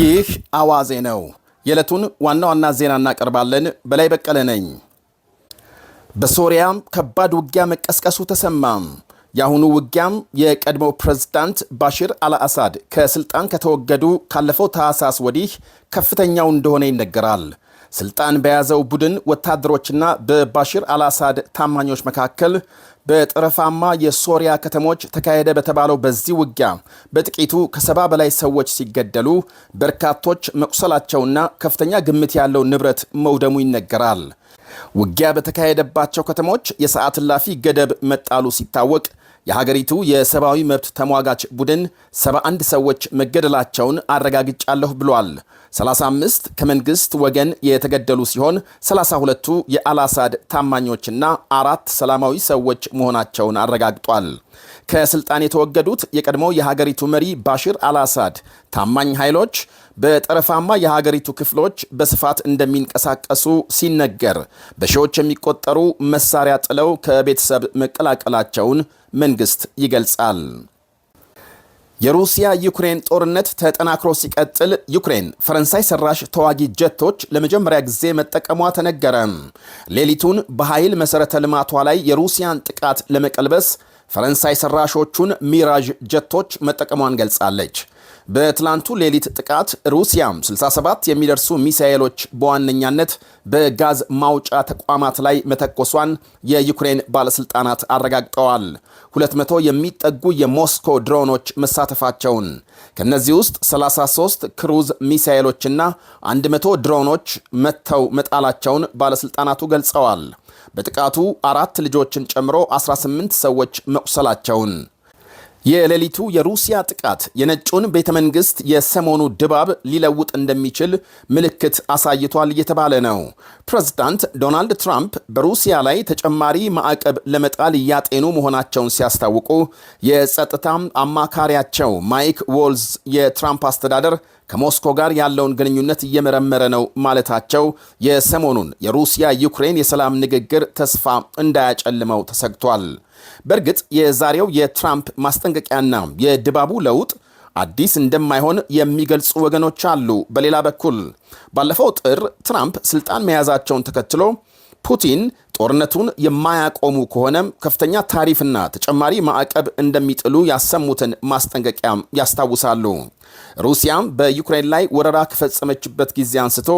ይህ አዋዜ ነው። የዕለቱን ዋና ዋና ዜና እናቀርባለን። በላይ በቀለ ነኝ። በሶሪያም ከባድ ውጊያ መቀስቀሱ ተሰማም። የአሁኑ ውጊያም የቀድሞው ፕሬዝዳንት ባሽር አልአሳድ ከስልጣን ከተወገዱ ካለፈው ታህሳስ ወዲህ ከፍተኛው እንደሆነ ይነገራል። ስልጣን በያዘው ቡድን ወታደሮችና በባሽር አልአሳድ ታማኞች መካከል በጠረፋማ የሶሪያ ከተሞች ተካሄደ በተባለው በዚህ ውጊያ በጥቂቱ ከሰባ በላይ ሰዎች ሲገደሉ በርካቶች መቁሰላቸውና ከፍተኛ ግምት ያለው ንብረት መውደሙ ይነገራል። ውጊያ በተካሄደባቸው ከተሞች የሰዓት እላፊ ገደብ መጣሉ ሲታወቅ የሀገሪቱ የሰብአዊ መብት ተሟጋች ቡድን 71 ሰዎች መገደላቸውን አረጋግጫለሁ ብሏል። 35 ከመንግስት ወገን የተገደሉ ሲሆን 32ቱ የአልአሳድ ታማኞችና አራት ሰላማዊ ሰዎች መሆናቸውን አረጋግጧል። ከስልጣን የተወገዱት የቀድሞ የሀገሪቱ መሪ ባሽር አልአሳድ ታማኝ ኃይሎች በጠረፋማ የሀገሪቱ ክፍሎች በስፋት እንደሚንቀሳቀሱ ሲነገር በሺዎች የሚቆጠሩ መሳሪያ ጥለው ከቤተሰብ መቀላቀላቸውን መንግስት ይገልጻል። የሩሲያ ዩክሬን ጦርነት ተጠናክሮ ሲቀጥል ዩክሬን ፈረንሳይ ሰራሽ ተዋጊ ጀቶች ለመጀመሪያ ጊዜ መጠቀሟ ተነገረ። ሌሊቱን በኃይል መሠረተ ልማቷ ላይ የሩሲያን ጥቃት ለመቀልበስ ፈረንሳይ ሰራሾቹን ሚራዥ ጀቶች መጠቀሟን ገልጻለች። በትላንቱ ሌሊት ጥቃት ሩሲያም 67 የሚደርሱ ሚሳኤሎች በዋነኛነት በጋዝ ማውጫ ተቋማት ላይ መተኮሷን የዩክሬን ባለሥልጣናት አረጋግጠዋል። 200 የሚጠጉ የሞስኮ ድሮኖች መሳተፋቸውን ከእነዚህ ውስጥ 33 ክሩዝ ሚሳኤሎችና 100 ድሮኖች መጥተው መጣላቸውን ባለሥልጣናቱ ገልጸዋል። በጥቃቱ አራት ልጆችን ጨምሮ 18 ሰዎች መቁሰላቸውን የሌሊቱ የሩሲያ ጥቃት የነጩን ቤተ መንግስት የሰሞኑ ድባብ ሊለውጥ እንደሚችል ምልክት አሳይቷል እየተባለ ነው። ፕሬዝዳንት ዶናልድ ትራምፕ በሩሲያ ላይ ተጨማሪ ማዕቀብ ለመጣል እያጤኑ መሆናቸውን ሲያስታውቁ የጸጥታ አማካሪያቸው ማይክ ዎልዝ የትራምፕ አስተዳደር ከሞስኮ ጋር ያለውን ግንኙነት እየመረመረ ነው ማለታቸው የሰሞኑን የሩሲያ ዩክሬን የሰላም ንግግር ተስፋ እንዳያጨልመው ተሰግቷል። በእርግጥ የዛሬው የትራምፕ ማስጠንቀቂያና የድባቡ ለውጥ አዲስ እንደማይሆን የሚገልጹ ወገኖች አሉ። በሌላ በኩል ባለፈው ጥር ትራምፕ ስልጣን መያዛቸውን ተከትሎ ፑቲን ጦርነቱን የማያቆሙ ከሆነም ከፍተኛ ታሪፍና ተጨማሪ ማዕቀብ እንደሚጥሉ ያሰሙትን ማስጠንቀቂያ ያስታውሳሉ። ሩሲያም በዩክሬን ላይ ወረራ ከፈጸመችበት ጊዜ አንስቶ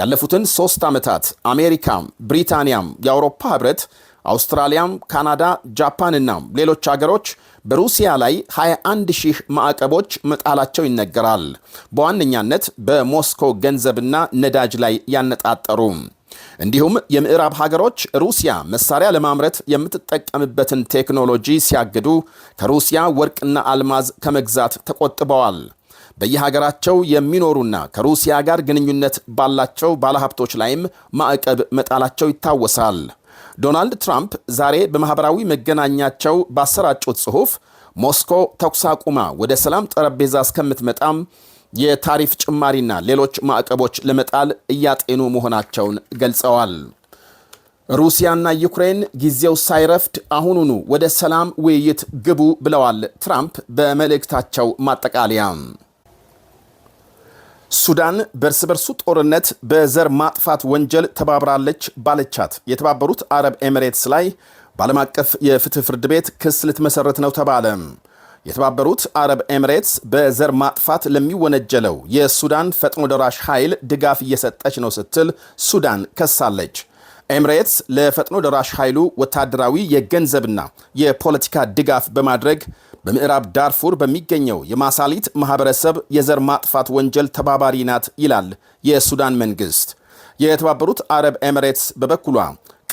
ያለፉትን ሶስት ዓመታት አሜሪካም ብሪታንያም የአውሮፓ ህብረት አውስትራሊያም፣ ካናዳ፣ ጃፓን እና ሌሎች አገሮች በሩሲያ ላይ 21 ሺህ ማዕቀቦች መጣላቸው ይነገራል። በዋነኛነት በሞስኮ ገንዘብና ነዳጅ ላይ ያነጣጠሩ እንዲሁም የምዕራብ ሀገሮች ሩሲያ መሳሪያ ለማምረት የምትጠቀምበትን ቴክኖሎጂ ሲያግዱ፣ ከሩሲያ ወርቅና አልማዝ ከመግዛት ተቆጥበዋል። በየሀገራቸው የሚኖሩና ከሩሲያ ጋር ግንኙነት ባላቸው ባለሀብቶች ላይም ማዕቀብ መጣላቸው ይታወሳል። ዶናልድ ትራምፕ ዛሬ በማኅበራዊ መገናኛቸው ባሰራጩት ጽሑፍ ሞስኮ ተኩስ አቁማ ወደ ሰላም ጠረጴዛ እስከምትመጣም የታሪፍ ጭማሪና ሌሎች ማዕቀቦች ለመጣል እያጤኑ መሆናቸውን ገልጸዋል። ሩሲያና ዩክሬን ጊዜው ሳይረፍድ አሁኑኑ ወደ ሰላም ውይይት ግቡ ብለዋል ትራምፕ በመልእክታቸው ማጠቃለያ ሱዳን በእርስ በርሱ ጦርነት በዘር ማጥፋት ወንጀል ተባብራለች ባለቻት የተባበሩት አረብ ኤሚሬትስ ላይ በዓለም አቀፍ የፍትህ ፍርድ ቤት ክስ ልትመሠረት ነው ተባለ። የተባበሩት አረብ ኤሚሬትስ በዘር ማጥፋት ለሚወነጀለው የሱዳን ፈጥኖ ደራሽ ኃይል ድጋፍ እየሰጠች ነው ስትል ሱዳን ከሳለች። ኤምሬትስ ለፈጥኖ ደራሽ ኃይሉ ወታደራዊ የገንዘብና የፖለቲካ ድጋፍ በማድረግ በምዕራብ ዳርፉር በሚገኘው የማሳሊት ማኅበረሰብ የዘር ማጥፋት ወንጀል ተባባሪ ናት ይላል የሱዳን መንግሥት። የተባበሩት አረብ ኤምሬትስ በበኩሏ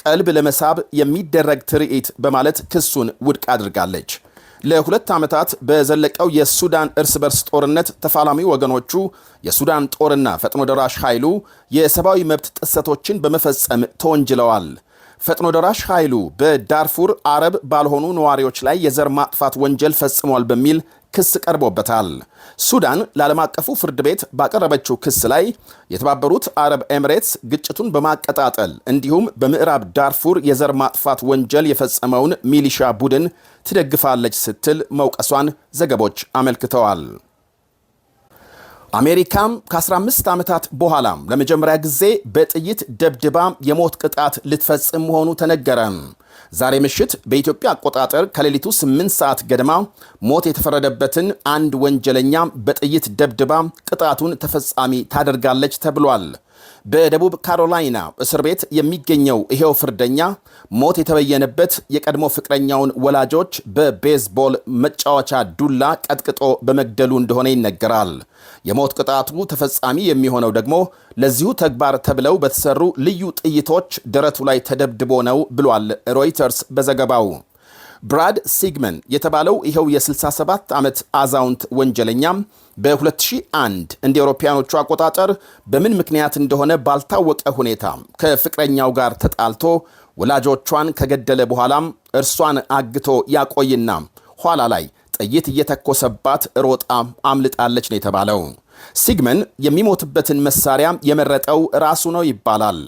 ቀልብ ለመሳብ የሚደረግ ትርኢት በማለት ክሱን ውድቅ አድርጋለች። ለሁለት ዓመታት በዘለቀው የሱዳን እርስ በርስ ጦርነት ተፋላሚ ወገኖቹ የሱዳን ጦርና ፈጥኖ ደራሽ ኃይሉ የሰብአዊ መብት ጥሰቶችን በመፈጸም ተወንጅለዋል። ፈጥኖ ደራሽ ኃይሉ በዳርፉር አረብ ባልሆኑ ነዋሪዎች ላይ የዘር ማጥፋት ወንጀል ፈጽሟል በሚል ክስ ቀርቦበታል። ሱዳን ለዓለም አቀፉ ፍርድ ቤት ባቀረበችው ክስ ላይ የተባበሩት አረብ ኤምሬትስ ግጭቱን በማቀጣጠል እንዲሁም በምዕራብ ዳርፉር የዘር ማጥፋት ወንጀል የፈጸመውን ሚሊሻ ቡድን ትደግፋለች ስትል መውቀሷን ዘገቦች አመልክተዋል። አሜሪካም ከ15 ዓመታት በኋላም ለመጀመሪያ ጊዜ በጥይት ደብድባ የሞት ቅጣት ልትፈጽም መሆኑ ተነገረ። ዛሬ ምሽት በኢትዮጵያ አቆጣጠር ከሌሊቱ 8 ሰዓት ገደማ ሞት የተፈረደበትን አንድ ወንጀለኛ በጥይት ደብድባ ቅጣቱን ተፈጻሚ ታደርጋለች ተብሏል። በደቡብ ካሮላይና እስር ቤት የሚገኘው ይሄው ፍርደኛ ሞት የተበየነበት የቀድሞ ፍቅረኛውን ወላጆች በቤዝቦል መጫወቻ ዱላ ቀጥቅጦ በመግደሉ እንደሆነ ይነገራል። የሞት ቅጣቱ ተፈጻሚ የሚሆነው ደግሞ ለዚሁ ተግባር ተብለው በተሰሩ ልዩ ጥይቶች ደረቱ ላይ ተደብድቦ ነው ብሏል ሮይተርስ በዘገባው። ብራድ ሲግመን የተባለው ይኸው የ67 ዓመት አዛውንት ወንጀለኛ በ2001 እንደ አውሮፓውያኖቹ አቆጣጠር በምን ምክንያት እንደሆነ ባልታወቀ ሁኔታ ከፍቅረኛው ጋር ተጣልቶ ወላጆቿን ከገደለ በኋላም እርሷን አግቶ ያቆይና ኋላ ላይ ጥይት እየተኮሰባት ሮጣ አምልጣለች ነው የተባለው። ሲግመን የሚሞትበትን መሳሪያ የመረጠው ራሱ ነው ይባላል።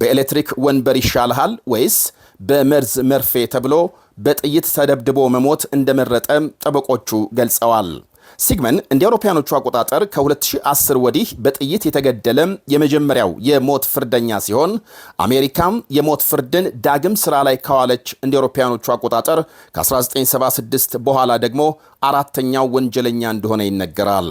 በኤሌክትሪክ ወንበር ይሻልሃል ወይስ በመርዝ መርፌ ተብሎ በጥይት ተደብድቦ መሞት እንደመረጠ ጠበቆቹ ገልጸዋል። ሲግመን እንደ አውሮፓያኖቹ አቆጣጠር ከ2010 ወዲህ በጥይት የተገደለ የመጀመሪያው የሞት ፍርደኛ ሲሆን አሜሪካም የሞት ፍርድን ዳግም ስራ ላይ ካዋለች እንደ አውሮፓያኖቹ አቆጣጠር ከ1976 በኋላ ደግሞ አራተኛው ወንጀለኛ እንደሆነ ይነገራል።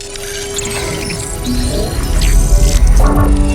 Bye.